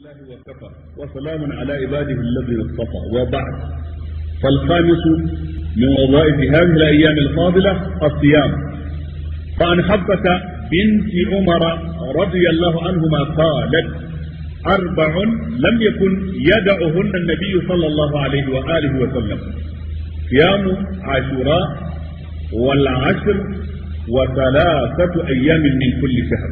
الله وكفى وسلام على عباده الذين اصطفى وبعد فالخامس من وظائف هذه الايام الفاضله الصيام فعن حبه بنت عمر رضي الله عنهما قالت اربع لم يكن يدعهن النبي صلى الله عليه واله وسلم صيام عاشوراء والعشر وثلاثه ايام من كل شهر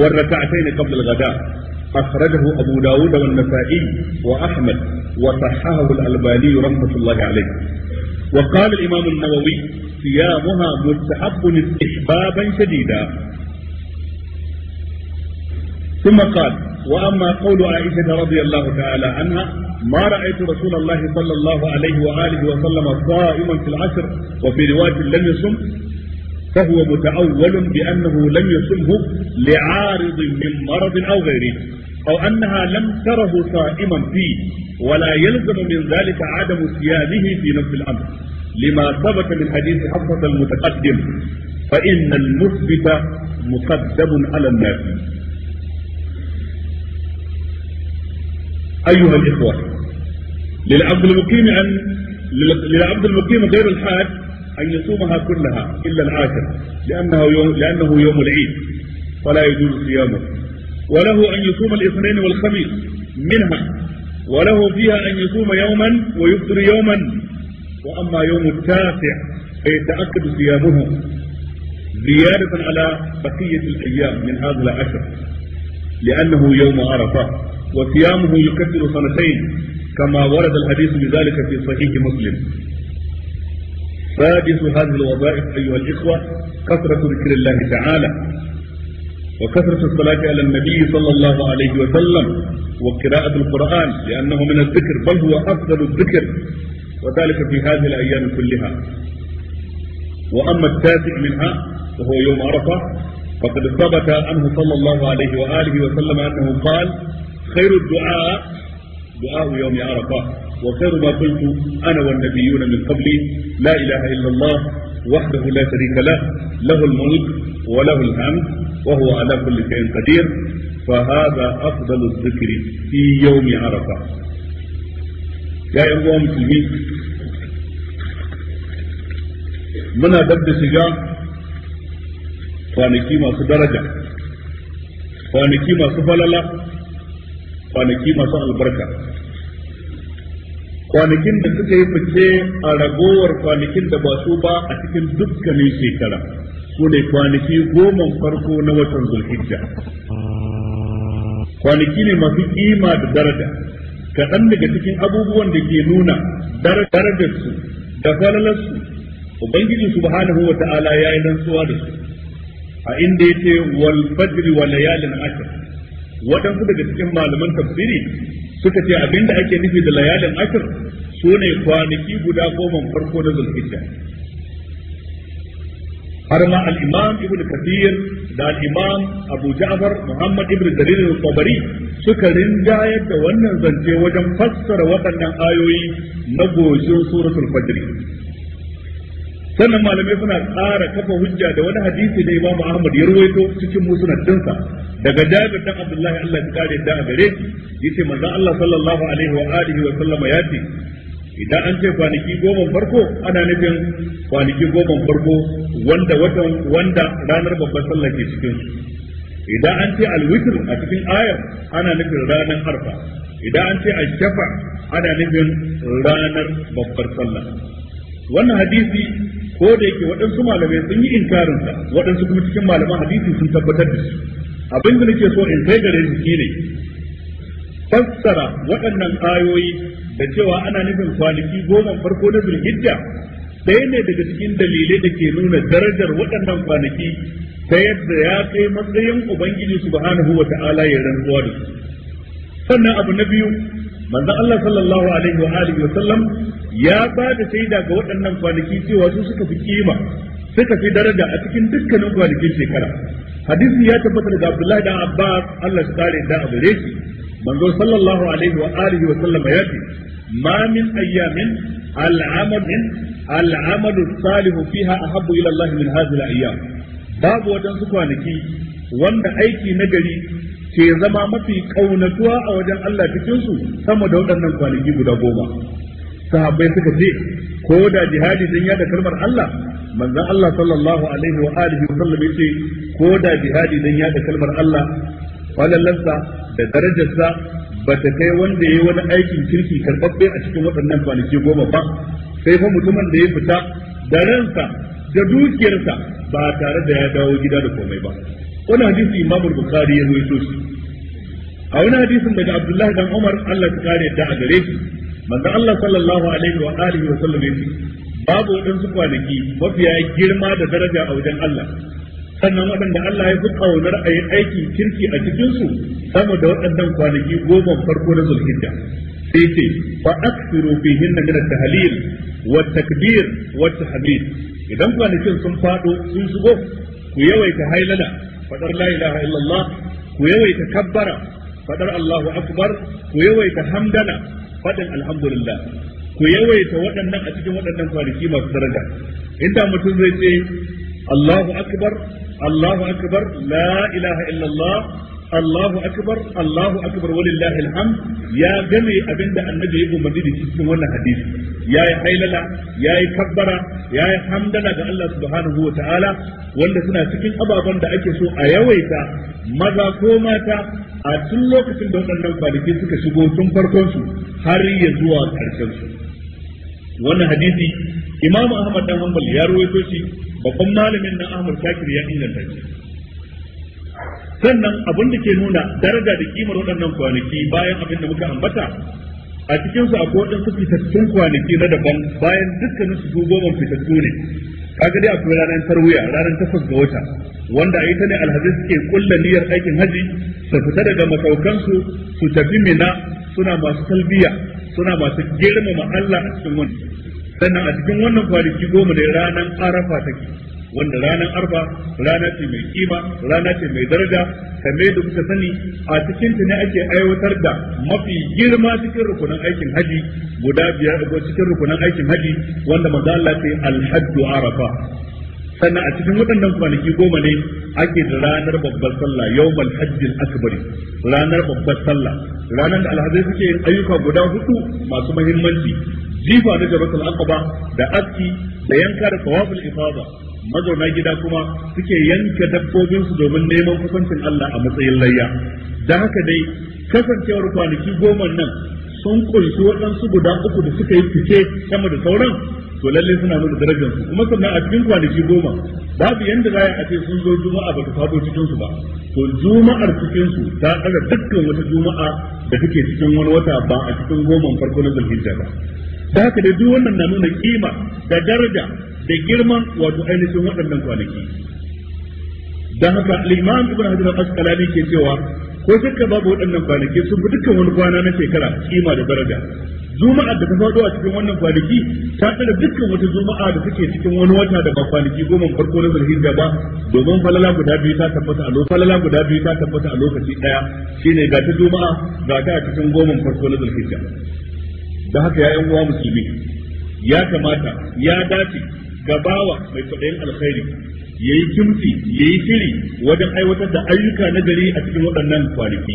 والركعتين قبل الغداء أخرجه أبو داود والنسائي وأحمد وصححه الألباني رحمة الله عليه وقال الإمام النووي صيامها مستحب استحبابا شديدا ثم قال وأما قول عائشة رضي الله تعالى عنها ما رأيت رسول الله صلى الله عليه وآله وسلم صائما في العشر وفي رواية لم يصم فهو متأول بأنه لم يصمه لعارض من مرض أو غيره أو أنها لم تره صائما فيه ولا يلزم من ذلك عدم صيامه في نفس الأمر لما ثبت من حديث حفصة المتقدم فإن المثبت مقدم على الناس أيها الإخوة للعبد المقيم أن للعبد المقيم غير الحاج أن يصومها كلها إلا العاشر لأنه يوم لأنه يوم العيد فلا يجوز صيامه وله أن يصوم الاثنين والخميس منها وله فيها أن يصوم يوما ويفطر يوما وأما يوم التاسع فيتأكد صيامه زيادة على بقية الأيام من هذا العشر لأنه يوم عرفة وصيامه يكفر سنتين كما ورد الحديث بذلك في صحيح مسلم سادس هذه الوظائف أيها الإخوة كثرة ذكر الله تعالى وكثرة الصلاة على النبي صلى الله عليه وسلم وقراءة القرآن لأنه من الذكر بل هو أفضل الذكر وذلك في هذه الأيام كلها وأما التاسع منها وهو يوم عرفة فقد ثبت عنه صلى الله عليه وآله وسلم أنه قال خير الدعاء دعاء يوم عرفة وخير ما قلت أنا والنبيون من قبلي لا إله إلا الله وحده لا شريك له له الملك وله الحمد وهو على كل شيء قدير فهذا أفضل الذكر في يوم عرفة يا أيها المسلمين muna dab da shiga kwanaki masu daraja kwanaki masu falala kwanaki masu albarka kwanakin da suka yi fice a ragowar kwanakin da ba su ba a cikin dukkanin shekara su ne kwanaki goma farko na watan zulhijja kwanaki ne masu kima da daraja kaɗan daga cikin abubuwan da ke nuna darajarsu da falalarsu ubangiji subhanahu wa ta'ala ya yi rantsuwa da su a inda ya ce wal fajri wa layalin ashr waɗansu daga cikin malaman tafsiri suka ce abinda ake nufi da layalin ashr su ne kwanaki guda goma farko na zulhijja har ma al-imam ibnu kathir da al-imam abu ja'far muhammad ibn jarir al-tabari suka rinjayar da wannan zance wajen fassara waɗannan ayoyi na goge suratul fajr sannan malamai suna ƙara kafa hujja da wani hadisi da Imam Ahmad ya ruwaito cikin musnad dinsa daga Jabir dan Abdullahi Allah ya kare da gare shi yace manzo Allah sallallahu alaihi wa alihi wa sallama yace idan an ce kwanaki goma farko ana nufin kwanaki goma farko wanda watan wanda ranar babbar sallah ke cikin idan an ce alwitr a cikin ayar ana nufin ranar arfa idan an ce ashafa ana nufin ranar babbar sallah wannan hadisi ko da yake waɗansu malamai sun yi inkarin sa waɗansu kuma cikin malaman hadisi sun tabbatar da shi abin da nake so in kai gare su shine fassara waɗannan ayoyi da cewa ana nufin kwanaki goma farko na zulhijja ɗaya ne daga cikin dalilai da ke nuna darajar waɗannan kwanaki ta yadda ya kai matsayin ubangiji subhanahu wa ta'ala ya rantsuwa da su sannan abu na biyu manzon Allah sallallahu alaihi wa wa sallam ya ba da shaida ga waɗannan kwanaki cewa su suka fi kima suka fi daraja a cikin dukkanin kwanakin shekara hadisi ya tabbatar da Abdullahi da Abbas Allah ya kare da abu shi manzo sallallahu alaihi wa alihi wa sallam ya ce ma min ayyamin al'amal al'amal salih fiha ahabbu ila Allah min hadhihi al babu wadansu kwanaki wanda aiki gari ke zama mafi kaunatuwa a wajen Allah cikin su sama da waɗannan kwanaki guda goma sahabbai suka ce ko da jihadi dan yada kalmar Allah manzon Allah sallallahu alaihi wa alihi wa sallam yace ko da jihadi dan yada kalmar Allah falallansa da darajarsa ba ta kai wanda ya yi wani aikin kirki karɓaɓɓe a cikin waɗannan kwanaki goma ba sai fa mutumin da ya fita da ransa da dukiyarsa ba tare da ya dawo gida da komai ba wani hadisi imamu bukhari ya rawaito shi a wani hadisin daga abdullahi dan umar Allah ta kare da a gare shi manzo Allah sallallahu alaihi wa alihi wa sallam babu wadansu kwanaki mafiya girma da daraja a wajen Allah sannan waɗanda Allah ya fi kaunar a yi aikin kirki a cikinsu sama da waɗannan kwanaki goma farko na zulhijja sai ce fa aksiru fihin min at-tahlil wa takbir wa tahmid idan kwanakin sun fado sun shigo ku yawaita hailala fadar la ilaha illallah ku yawaita kabbara fadar Allahu akbar ku yawaita hamdana fadin alhamdulillah ku yawaita waɗannan a cikin waɗannan kwanaki masu daraja inda mutum zai ce Allahu akbar Allahu akbar la ilaha illallah Allahu akbar Allahu akbar walillahi alhamd ya game abinda annabi ya umarni da cikin wannan hadisi yayi hailala yayi kabbara yayi hamdana ga Allah subhanahu wa ta'ala wanda suna cikin ababen da ake so a yawaita maza ko mata a tun lokacin da waɗannan kwanaki suka shigo tun farkon su har ya zuwa ƙarshen su wannan hadisi Imam Ahmad dan Hanbal ya rawaito shi babban malamin nan Ahmad Shakir ya inganta shi sannan abin da ke nuna daraja da kimar waɗannan kwanaki bayan abin da muka ambata a cikin su akwai waɗansu fitattun kwanaki na daban bayan dukkanin su su goma fitattu ne kaga dai akwai ranar tarwiya ranar takwas ga wata wanda a ita ne alhaji suke kulla niyyar aikin haji su fita daga masaukansu su tafi mina suna masu talbiya suna masu girmama Allah a cikin wani sannan a cikin wannan kwanaki goma ne ranar arafa take wanda ranar arba rana ce mai kima rana ce mai daraja kame da kuka sani a cikin ta ne ake aiwatar da mafi girma cikin rukunin aikin haji guda biyar a cikin rukunin aikin haji wanda maza Allah ce alhajju arafa sannan a cikin waɗannan kwanaki goma ne ake da ranar babbar sallah yawmal hajjil akbari ranar babbar sallah ranar da alhazai suke yin ayyuka guda hudu masu muhimmanci jifa na jabatul aqaba da aski da yanka da tawaful ifada mazauna gida kuma suke yanka dabbobin su domin neman kusancin Allah a matsayin layya da haka dai kasancewar kwanaki goma nan sun kunshi waɗansu guda uku da suka yi fice sama da sauran to lalle suna nuna darajar su kuma sannan a cikin kwanaki goma babu yanda za a ce sun zo juma'a ba ta fado cikin su ba to juma'ar cikin su ta tsara dukkan wata juma'a da take cikin wani wata ba a cikin goma farko na zulhijja ba da haka da duk wannan na nuna kima da daraja da girman wato ainihin waɗannan kwanaki Da haka liman imam ibn hajar al-asqalani ke cewa ko shakka babu waɗannan kwanaki sun fi dukkan wani kwana na shekara kima da daraja Zuma'a da ta faɗo a cikin wannan kwanaki ta tsara dukkan wata juma'a da take cikin wani wata da ba kwanaki goma farko na zulhijja ba domin falala guda biyu ta tabbata a lokaci falala guda biyu ta tabbata a lokaci daya shine ga ta juma'a ga ta a cikin goma farko na zulhijja da haka ya'yan uwa musulmi ya kamata ya dace ga bawa mai kwaɗayin alkhairi ya yi kimsi ya yi shiri wajen aiwatar da ayyuka na gari a cikin waɗannan kwanaki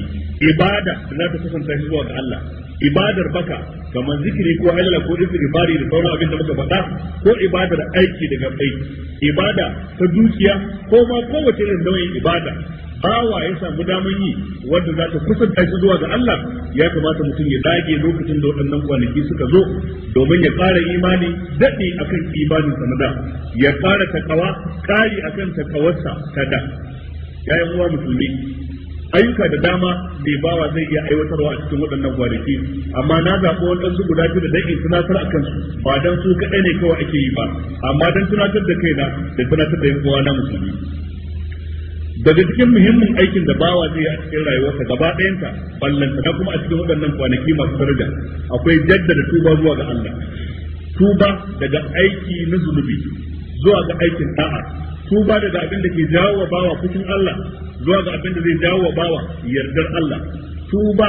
ibada za ta kasance shi zuwa ga Allah ibadar baka kamar zikiri ko halala ko bari da sauran abin da muka faɗa ko ibadar aiki daga kai ibada ta dukiya ko ma kowace irin nau'in ibada bawa ya samu damar yi wanda za ta kusanta shi zuwa ga Allah ya kamata mutum ya dage lokacin da waɗannan kwanaki suka zo domin ya ƙara imani daɗi akan imanin sa da ya ƙara takawa ƙari akan takawarsa ta da yayin uwa musulmi ayyuka da dama da bawa zai iya aiwatarwa a cikin waɗannan kwanaki amma na zaɓi waɗansu guda biyu da zan iya tunatar akan su ba dan su kaɗai ne kawai ake yi ba amma dan tunatar da kaina da tunatar da yan uwa na musulmi daga cikin muhimmin aikin da bawa zai yi a cikin rayuwarsa gaba ɗayanta ballanta na kuma a cikin waɗannan kwanaki masu daraja akwai jaddada tuba zuwa ga Allah tuba daga aiki na zunubi zuwa ga aikin da'a tuba daga abin da ke jawo wa bawa fushin Allah zuwa ga abin da zai jawo wa bawa yardar Allah tuba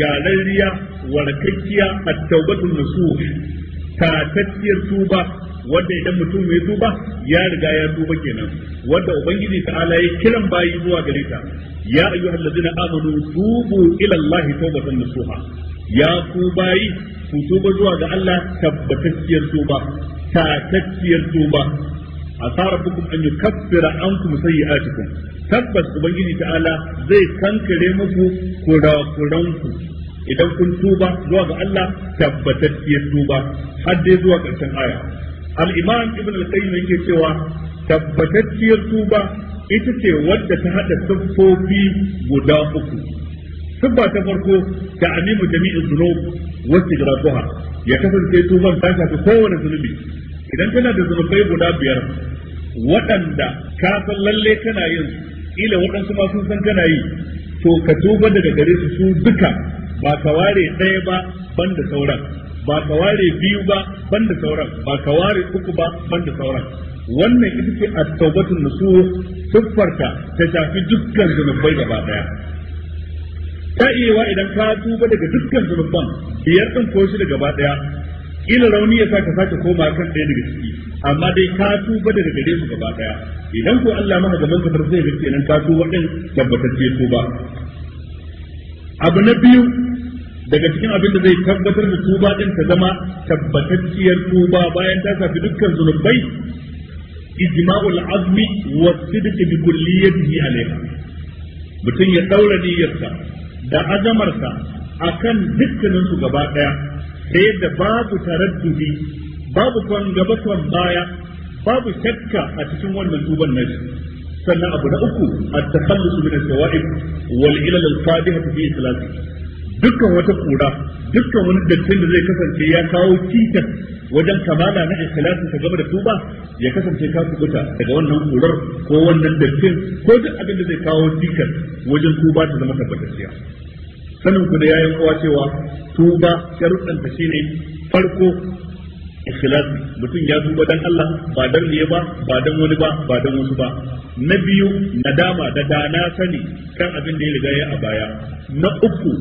gyararriya warakakkiya at-taubatul nasuh tatacciyar tuba wanda idan mutum ya tuba ya riga ya duba kenan wanda ubangiji ta'ala ya kiran bayi zuwa gare ta ya ayyuhal ladina amanu tubu ila allahi tawbatan nasuha ya ku bayi ku tuba zuwa ga Allah tabbatacciyar tuba tatacciyar tuba asa rabbukum an yukaffira ankum sayyi'atikum tabbas ubangiji ta'ala zai kankare muku kurakuranku idan kun tuba zuwa ga Allah tabbatacciyar tuba har dai zuwa ƙarshen aya al’iman ibn al-qayyim yake cewa tabbatacciyar tuba ita ce wadda ta haɗa siffofi guda uku siffa ta farko ta amimu jami'in zunub wasu jirafuha ya kasance tuban ta shafi kowane zunubi idan tana da zunubai guda biyar waɗanda ka san lalle kana yin ila waɗansu ma sun san kana yi to ka tuba daga gare su su duka ba ka ware ɗaya ba banda sauran ba ka ware biyu ba banda sauran ba ka ware uku ba banda sauran wannan ita ce a taubatun nasu tuffarta ta shafi dukkan zunubai gaba daya ta iya idan ka tuba daga dukkan zunubban biyar ɗin ko shi daga gaba daya ila rauni ya sa ka sake koma kan ɗaya daga ciki amma dai ka tuba daga gare su gaba daya idan ko Allah maka gaban ka zai ga nan ka tuba din tabbatacce tuba abu na biyu daga cikin abin da zai tabbatar da tuba din ta zama tabbatacciyar tuba bayan ta safi dukkan zunubai ijma'ul azmi wa sidqi bi kulliyatihi alayha mutum ya daura niyyarsa da azamarsa akan dukkanin su gaba daya da yadda babu taraddudi babu kwan gaba baya babu shakka a cikin wannan tuban nashi sannan abu na uku at-takhallus min as-sawa'ib wal ilal al-qadihah fi ikhlasi dukkan wata kura dukkan wani dattin da zai kasance ya kawo cikas wajen kamala na ikhlasi ta gaba da tuba ya kasance ka kubuta daga wannan kurar ko wannan dattin ko duk abin da zai kawo cikas wajen tuba ta zama tabbatacciya sanin ku da yayin kowa cewa tuba sharuɗan shi ne farko ikhlas mutum ya duba dan Allah ba dan ne ba ba dan wani ba ba dan wasu ba na biyu nadama da dana sani kan abin da ya riga ya a baya na uku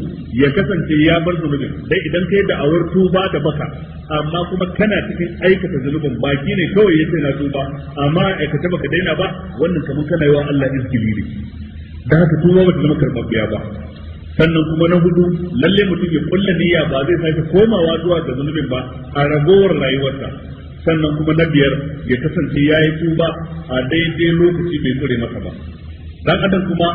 ya kasance ya bar zunubin dai idan kai da awar tuba da baka amma kuma kana cikin aikata zunubin baki ne kawai yace na tuba amma aikata baka daina ba wannan kamar kana yi wa Allah izgili ne da haka tuba bata zama karbabbiya ba sannan kuma na hudu lalle mutum ya kulla niyya ba zai sake komawa zuwa ga zunubin ba a ragowar rayuwarsa sannan kuma na biyar ya kasance ya yi tuba a daidai lokaci bai kure masa ba dan adam kuma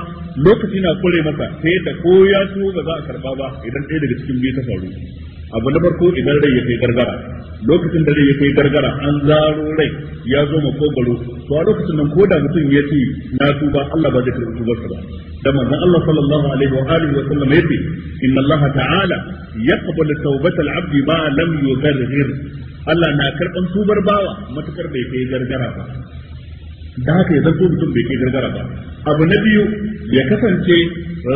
lokaci na kure masa sai da ko ya tuba za a karba ba idan ɗaya daga cikin biyu ta faru abu na farko idan rai ya kai gargara lokacin da zai kai gargara an zaro rai ya zo makogaro to a lokacin nan koda mutum ya ce na tuba Allah ba zai karɓi tubarsa ba da manzon Allah sallallahu alaihi wa alihi wa sallam yace inna Allah ta'ala yaqbalu tawbatal abdi ma lam yughargir Allah na karɓan tubar bawa matukar bai kai gargara ba da haka ya zarto mutum bai ke gargara ba abu na biyu ya kasance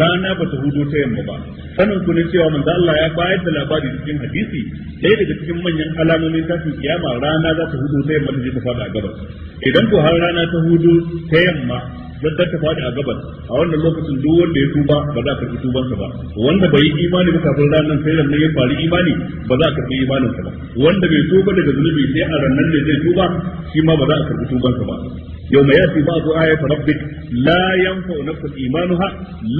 rana ba ta hudu ta yamma ba sanin ku cewa manzo Allah ya bayar da labari cikin hadisi ɗaya daga cikin manyan alamomin tashin kiyama rana za ta hudu ta yamma ta je ta fada a gabas idan ko har rana ta hudu ta yamma zadda ta fada a gabas a wannan lokacin duk wanda ya tuba ba za ka karɓi tubansa ba wanda bai yi imani ba kafin ranar sai ranar ya fari imani ba za ka karɓi imaninsa ba wanda bai tuba daga zunubi sai a ranar da zai tuba shi ma ba za a karɓi tubansa ba يوم يأتي بعض آية ربك لا ينفع نفسا إيمانها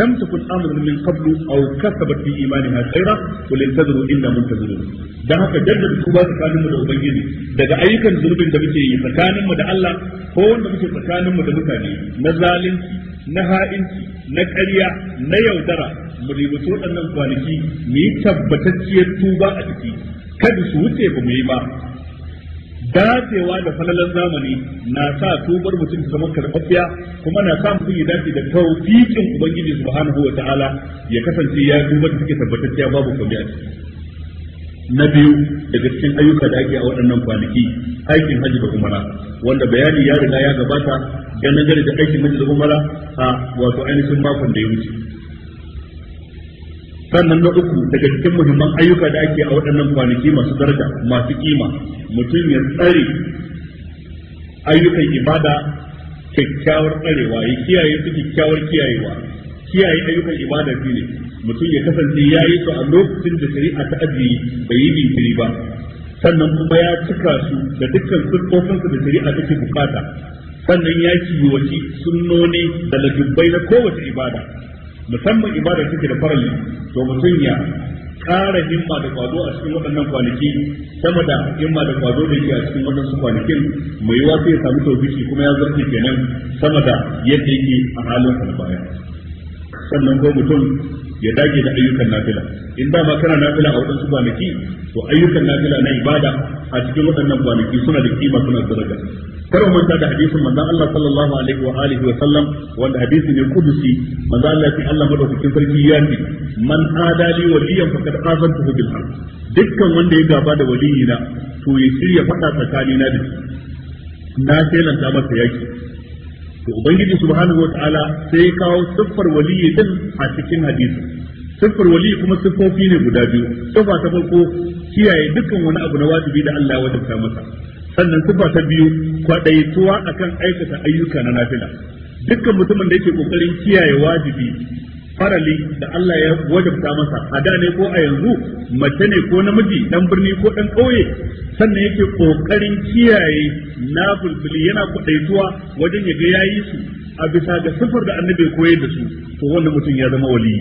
لم تكن آمنا من قبل أو كسبت في إيمانها خيرا قل انتظروا إنا منتظرون da haka jaddada tuba tsakanin mu da ubangiji daga ayyukan zunubin da muke yi tsakanin mu da Allah ko wanda muke tsakanin mu da mutane na zalunci na ha'inci na ƙarya na yaudara mu ributo waɗannan kwanaki mu yi tabbatacciyar tuba a ciki kada su wuce ba mu yi ba dacewa da falalan zamani na sa tubar mutum ta zama karfafiya kuma na sa mutum ya dace da taufikin ubangiji subhanahu wa ta'ala ya kasance ya tuba da take tabbatacciya babu kwame a ciki na biyu daga cikin ayyuka da ake a waɗannan kwanaki aikin hajji da umara wanda bayani ya riga ya gabata ganin gari da aikin hajji da umara a wato ainihin makon da ya wuce sannan na uku daga cikin muhimman ayyuka da ake a waɗannan kwanaki masu daraja masu kima mutum ya tsare ayyukan ibada kyakkyawar tsarewa ya kiyaye su kyakkyawar kiyayewa kiyaye ayyukan ibada shi ne mutum ya kasance ya yi su a lokacin da shari'a ta ajiye bai yi jinkiri ba sannan kuma ya cika su da dukkan sirkofinsu da shari'a take bukata sannan ya kiwaci sunnoni da lajibbai na kowace ibada musamman ibada take da farali to mutum ya ƙara himma da kwazo a cikin waɗannan kwanaki sama da himma da kwazo da yake a cikin waɗansu kwanakin mai yiwa sai ya samu tawfiki kuma ya zarce kenan sama da yadda yake a halin sa baya sannan ko mutum ya dage da ayyukan nafila in da kana nafila a wadansu kwanaki to ayyukan nafila na ibada a cikin waɗannan kwanaki suna da kima suna da daraja kar mu manta da hadisin manzon Allah sallallahu alaihi wa alihi wa sallam wanda hadisi ne kudusi manzon Allah ya Allah madaukakin sarki ya ce man adali waliyan faqad azantuhu bil harb dukkan wanda ya gaba da waliyina to ya shirya faɗa tsakanina da shi na shelanta masa yaki to ubangiji subhanahu wataala sai kawo siffar waliyi din a cikin hadisi siffar waliyi kuma siffofi ne guda biyu siffa ta farko kiyaye dukkan wani abu na wajibi da Allah ya wajabta masa sannan siffa ta biyu kwadaituwa akan aikata ayyuka na nafila dukkan mutumin da yake kokarin kiyaye wajibi farali da Allah ya wajabta masa a da ne ko a yanzu mace ne ko namiji dan birni ko dan ƙauye sannan yake kokarin kiyaye na bulbuli yana kudaituwa wajen ya ga yayi su a bisa ga sifar da annabi ya koyar da su to wannan mutum ya zama wali.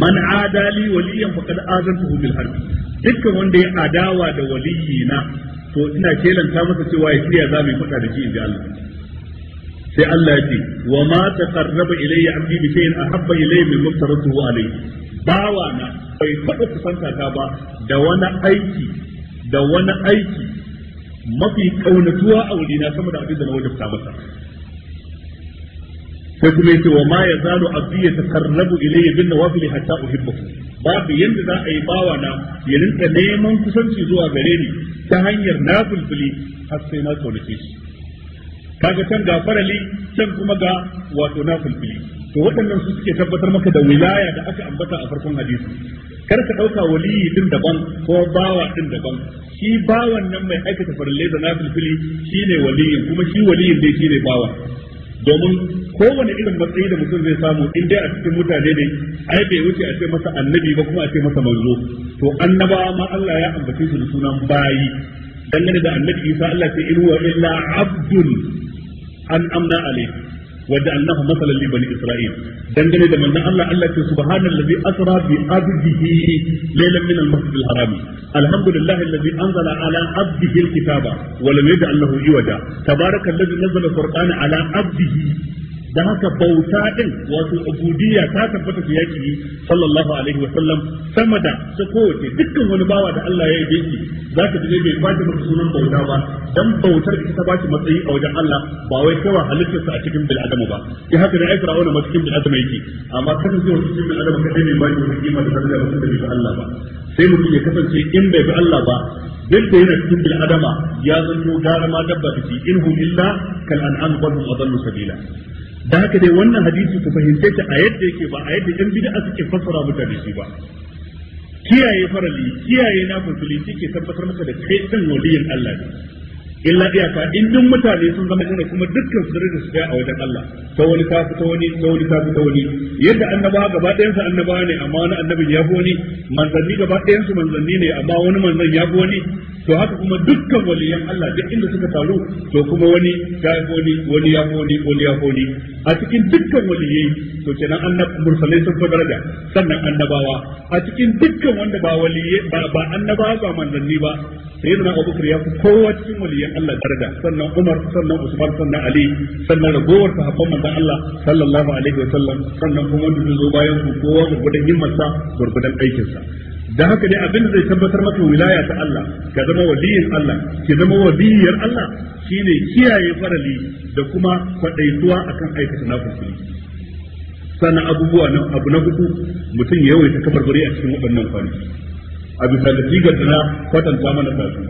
man adali waliyan faqad azantuhu bil harbi dukkan wanda ya adawa da waliyina to ina kelanta masa cewa ya kiyaye za mu faɗa da shi inji Allah sai Allah ya ce wa ma taqarraba ilayya abdi bi shay'in ahabba ilayya min muftaratuhu alayhi bawa na bai faɗa kusanta ta ba da wani aiki da wani aiki mafi kaunatuwa a na sama da abin da na wajabta masa sai kuma yace wa ma yazalu abdi yatakarrabu ilayya bin nawafil hatta uhibbu babu yanda za a yi bawa na ya rinka neman kusanci zuwa gare ni ta hanyar nafilfili har sai na kaunace shi kaga can ga farali can kuma ga wato na fulfili to waɗannan su suke tabbatar maka da wilaya da aka ambata a farkon hadisi kar ka ɗauka waliyi din daban ko bawa din daban shi bawan nan mai aikata farallai da na fulfili shine waliyin kuma shi waliyin dai shine bawa domin kowane irin matsayi da mutum zai samu in dai a cikin mutane ne ai bai wuce a ce masa annabi ba kuma a ce masa manzo to annaba ma Allah ya ambace su da sunan bayi dangane da annabi Isa Allah ce in wa illa abdul an amna alayhi wa ja'alnahu masalan li bani isra'il dangane da manzon Allah Allah ce subhanallazi asra bi abdihi laylan min al-masjid al-haram anzala ala abdihi al-kitaba wa lam yaj'al iwaja tabarakallazi nazzala al-qur'ana ala abdihi Da haka bauta din wato ubudiyya ta tabbata ga yaki sallallahu alaihi wa sallam sama da su kowace dukkan wani bawa da Allah ya yi shi za ka je bai kwace maka sunan bauta ba dan bautar ita ta bashi matsayi a wajen Allah ba wai kawai halittarsa a cikin bil adamu ba ya haka da ai fir'auna ma cikin bil adamu yake amma kasancewa cikin bil adamu kadai ne ba shi kima da sanin da ba da Allah ba sai mutum ya kasance in bai bi Allah ba yadda yana cikin bil adama ya zanto gara ma dabba take in hum illa kal an'am wa adallu sabila da haka dai wannan hadisi ku fahimce ta a yadda yake ba a yadda yan bid'a suke fassara mutane shi ba kiyaye farali kiyaye na fasuli ke tabbatar maka da kai din waliyin Allah ne illa iyaka in duk mutane sun zama kana kuma dukkan su da su a wajen Allah ta wani ta fita wani ta wani ta fita wani yadda annabawa gaba ɗayan su annabawa ne amma wani annabin ya fi wani manzanni gaba ɗayan su manzanni ne amma wani manzan ya fi wani to haka kuma dukkan waliyan Allah duk inda suka taru to kuma wani ya wani wani ya wani wani ya wani a cikin dukkan waliyai to kenan annab mursalai sun fi daraja sannan annabawa a cikin dukkan wanda ba waliyai ba ba annabawa ba manzanni ba sai da Abu Bakar ya fi kowa cikin waliyan Allah daraja sannan Umar sannan Usman sannan Ali sannan ragowar sahabban manzon Allah sallallahu alaihi wa sallam sannan kuma wanda zo bayan ku kowa gurgudan himmarsa gurgudan aikinsa da haka ne abin da zai tabbatar maka wilaya ta Allah ka zama waliyin Allah ki zama waliyar Allah shine kiyaye farali da kuma kwadaituwa akan aikata nafili sannan abubuwa na abu na hudu mutum ya yawaita kabarbari a cikin waɗannan kwanaki a bisa da sigar da na kwatanta mana kasu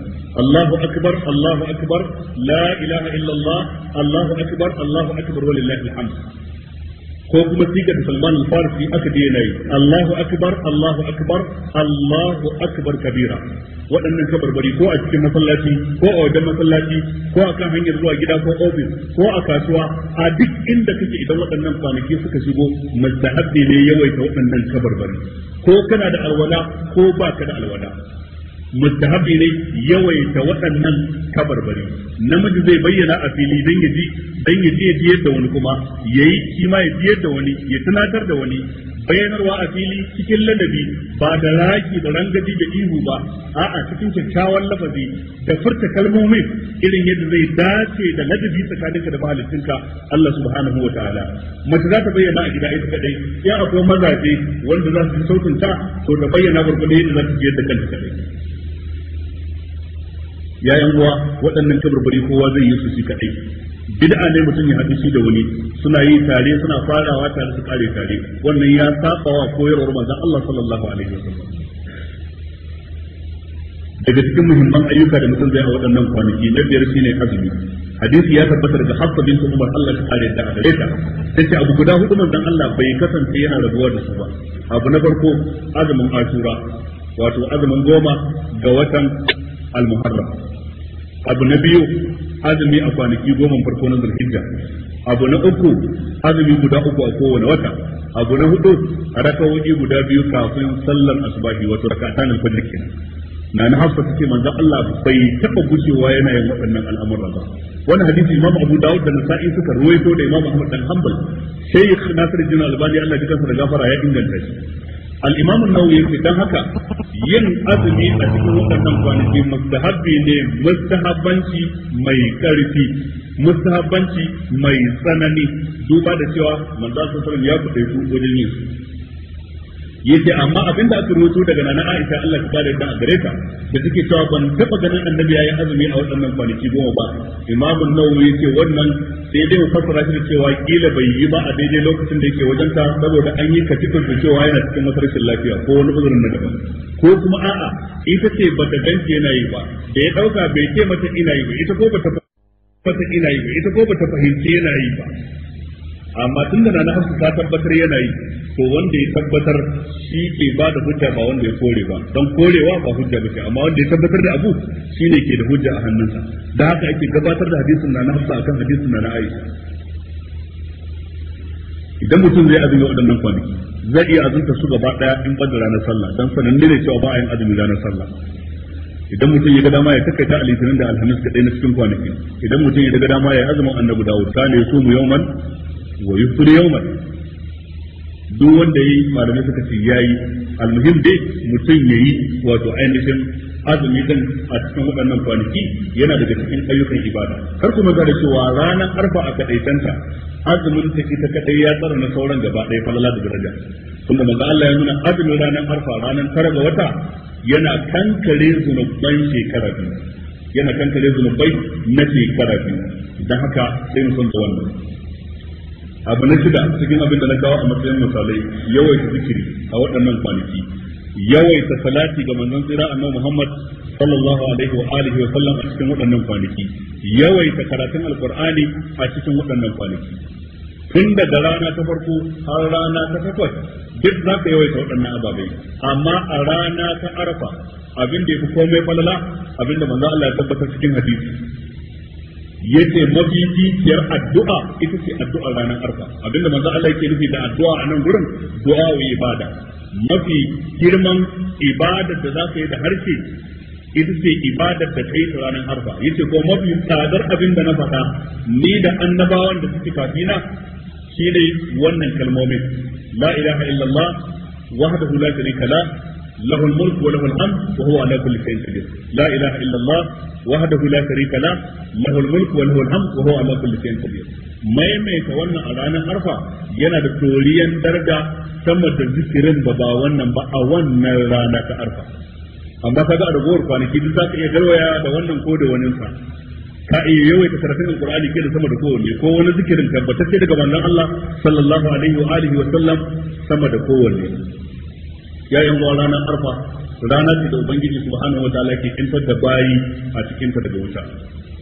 Allahu akbar Allahu akbar la ilaha illallah Allahu akbar Allahu akbar walillahi alhamd ko kuma sigar Salman al aka je yi. Allahu akbar Allahu akbar Allahu akbar kabira waɗannan kabarbari ko a cikin masallaci ko a wajen masallaci ko a kan hanyar zuwa gida ko ofis ko a kasuwa a duk inda kake idan waɗannan kwanaki suka shigo mustahabbi ne yawaita waɗannan kabarbari ko kana da alwala ko ba ka da alwala mustahabi ne yawaita waɗannan kabarbari namiji zai bayyana a fili don ya ji don ya ji ya wani kuma yayi shi ma ya ji yadda wani ya tunatar da wani bayanarwa a fili cikin ladabi ba da raki da rangaji da ihu ba a'a cikin kyakkyawan lafazi da furta kalmomin irin yadda zai dace da ladabi tsakaninka da mahalicinka Allah subhanahu wa ta'ala mace za ta bayyana a gida ita kadai ya akwai mazaje wanda za su sautin ta to da bayyana gurgurda yadda za ta ji yadda kanta kadai ya yan uwa waɗannan kabarbari kowa zai yi su shi kadai bid'a ne mutum ya haɗu shi da wani suna yi tare suna farawa tare su kare tare wannan ya saba wa koyarwar manzon Allah sallallahu alaihi wasallam daga cikin muhimman ayyuka da mutum zai a waɗannan kwanaki na biyar shine azumi hadisi ya tabbata daga Hafsa bintu Umar Allah ta kare da gare ta tace abu guda hudu manzon Allah bai kasance yana rabuwa da su ba abu na farko azumin Ashura wato azumin goma ga watan al-Muharram abu na biyu azumi a kwanaki goma farko na zulhijja abu na uku azumi guda uku a kowane wata abu na hudu rakawoyi guda biyu kafin sallar asubahi wato rakatan alfajr kenan na na hafsa take manzo Allah bai taba gushewa yana yin waɗannan al'amura ba wannan hadisi Imam Abu Dawud da Nasa'i suka ruwaito da Imam Ahmad dan Hanbal Sheikh Nasiruddin Albani Allah ya kansa da gafara ya inganta shi al-imam an-nawawi yace haka yin azumi a cikin waɗannan kwanaki mustahabbi ne mustahabbanci mai karfi mustahabbanci mai tsanani duba da cewa manzo sallallahu alaihi wasallam ya kudai wajen yin yace amma abin da aka rubuto daga nana Aisha Allah ta bada da gare ta da take cewa ban taba ganin annabi yayin azumi a waɗannan kwanaki goma ba Imam An-Nawawi yace wannan sai dai fassara shi cewa kila bai yi ba a daidai lokacin da yake wajen ta saboda an yi katifin da cewa yana cikin masarashin lafiya ko wani uzurin na daban ko kuma a'a ita ce bata ganke yana yi ba da ya dauka bai ce mata ina yi ba ita ko bata mata ina yi ba ita ko bata fahimci yana yi ba amma tunda na na hasu ta tabbatar yana yi to wanda ya tabbatar shi ke ba da hujja ba wanda ya kore ba don korewa ba hujja ba amma wanda ya tabbatar da abu shi ne ke da hujja a hannunsa da haka ake gabatar da hadisin na na hafsa akan hadisin na na aisha idan mutum zai azumi waɗannan kwanaki zai iya azunta su gaba ɗaya in ban ranar sallah don sananne ne cewa ba a yin azumi ranar sallah idan mutum ya ga dama ya takaita a litinin da alhamis kaɗai na cikin kwanaki idan mutum ya ga dama ya azumin annabi dawud ta ne su mu man wa yuftir yawman duk wanda yayi malamai suka ce yayi almuhim dai mutum yayi wato ainihin azumi dan a cikin waɗannan kwanaki yana daga cikin ayyukan ibada kar kuma ga da cewa ranar arfa a kadaitanta azumin ta ita kadai ya tsara na sauran gaba ɗaya falala da daraja kuma manzo Allah ya nuna azumin ranar arfa ranar tara ga wata yana kankare zunuban shekara biyu yana kankare zunubai na shekara biyu haka sai mu san wannan abu na shida cikin abin da na kawo a matsayin misalai yawaita zikiri a waɗannan kwanaki yawaita salati ga manzon tsira annabi Muhammad sallallahu alaihi wa alihi wa sallam a cikin waɗannan kwanaki yawaita karatun alqur'ani a cikin waɗannan kwanaki tun daga rana ta farko har rana ta takwas duk za ka yawaita waɗannan ababai amma a rana ta arfa abin da ya fi komai falala abin da manzon Allah ya tabbatar cikin hadisi yace mafificiyar addu'a ita ce addu'a ranar arfa abinda manzo Allah yake nufi da addu'a a nan gurin du'a wa ibada mafi girman ibada da ka yi da harshe ita ce ibadar da kai ta ranar arfa yace ko mafi tsadar abin da na faɗa ni da annabawan da suke kafina shi ne wannan kalmomin la ilaha illallah wahdahu la sharika la له الملك وله الحمد وهو على كل شيء قدير لا اله الا الله وحده لا شريك له له الملك وله الحمد وهو على كل شيء قدير maimaita wannan a ranar arfa yana da toriyan darda sama da zikirin ba ba wannan ba a wannan rana ta arfa amma kaga a ragowar kwanaki duk za ka iya garwaya da wannan ko da wani sa ka iya yawaita karatun alqur'ani ke da sama da kowanne ko wani zikirin tabbatacce daga manzon Allah sallallahu sama da kowanne ya yan ranar arfa ranar da ubangiji subhanahu wataala ke kintar da bayi a cikin ta daga wuta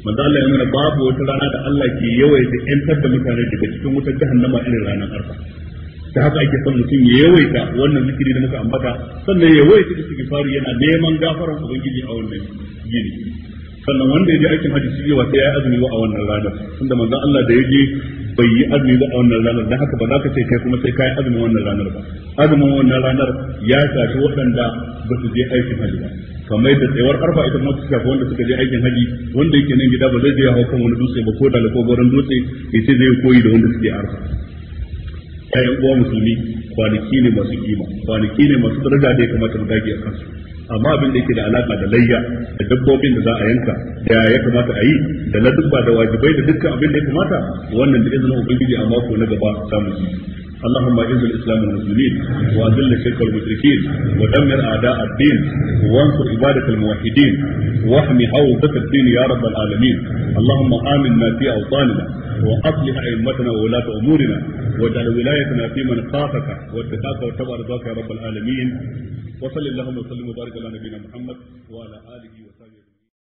manzo Allah ya nuna babu wata rana da Allah ke yawaita kintar da mutane daga cikin wutar jahannama irin ranar arfa da haka ake son mutum ya yawaita wannan zikiri da muka ambata sannan ya yawaita faru yana neman gafarar ubangiji a wannan gini sannan wanda ya je aikin hajji shi yawa sai ya azumi a wannan ranar tunda manzo Allah da ya je bai yi azumi ba wannan ranar don haka ba za ka ce kai kuma sai kai azumin wannan ranar ba azumin wannan ranar ya shafi waɗanda ba su je aikin haji ba kamar da tsayuwar arfa ita ma su shafi wanda suka je aikin hajji wanda yake nan gida ba zai je ya hau kan wani dutse ba ko da ko goron dutse ya ce zai koyi da wanda suke arfa ƴaƴan uwa musulmi kwanaki ne masu kima kwanaki ne masu daraja da ya kamata mu dage a kansu amma abin da yake da alaƙa da layya da dabbobin da za a yanka da ya kamata a yi da ba da wajibai da dukkan abin da ya kamata wannan da izinin ubangiji a mako na gaba samu su اللهم اعز الاسلام والمسلمين واذل الشرك والمشركين ودمر اعداء الدين وانصر عباده الموحدين واحمي حوضه الدين يا رب العالمين اللهم امنا في اوطاننا واصلح ائمتنا وولاة امورنا واجعل ولايتنا في من خافك واتقاك واتبع رضاك يا رب العالمين وصل اللهم وسلم وبارك على نبينا محمد وعلى اله وصحبه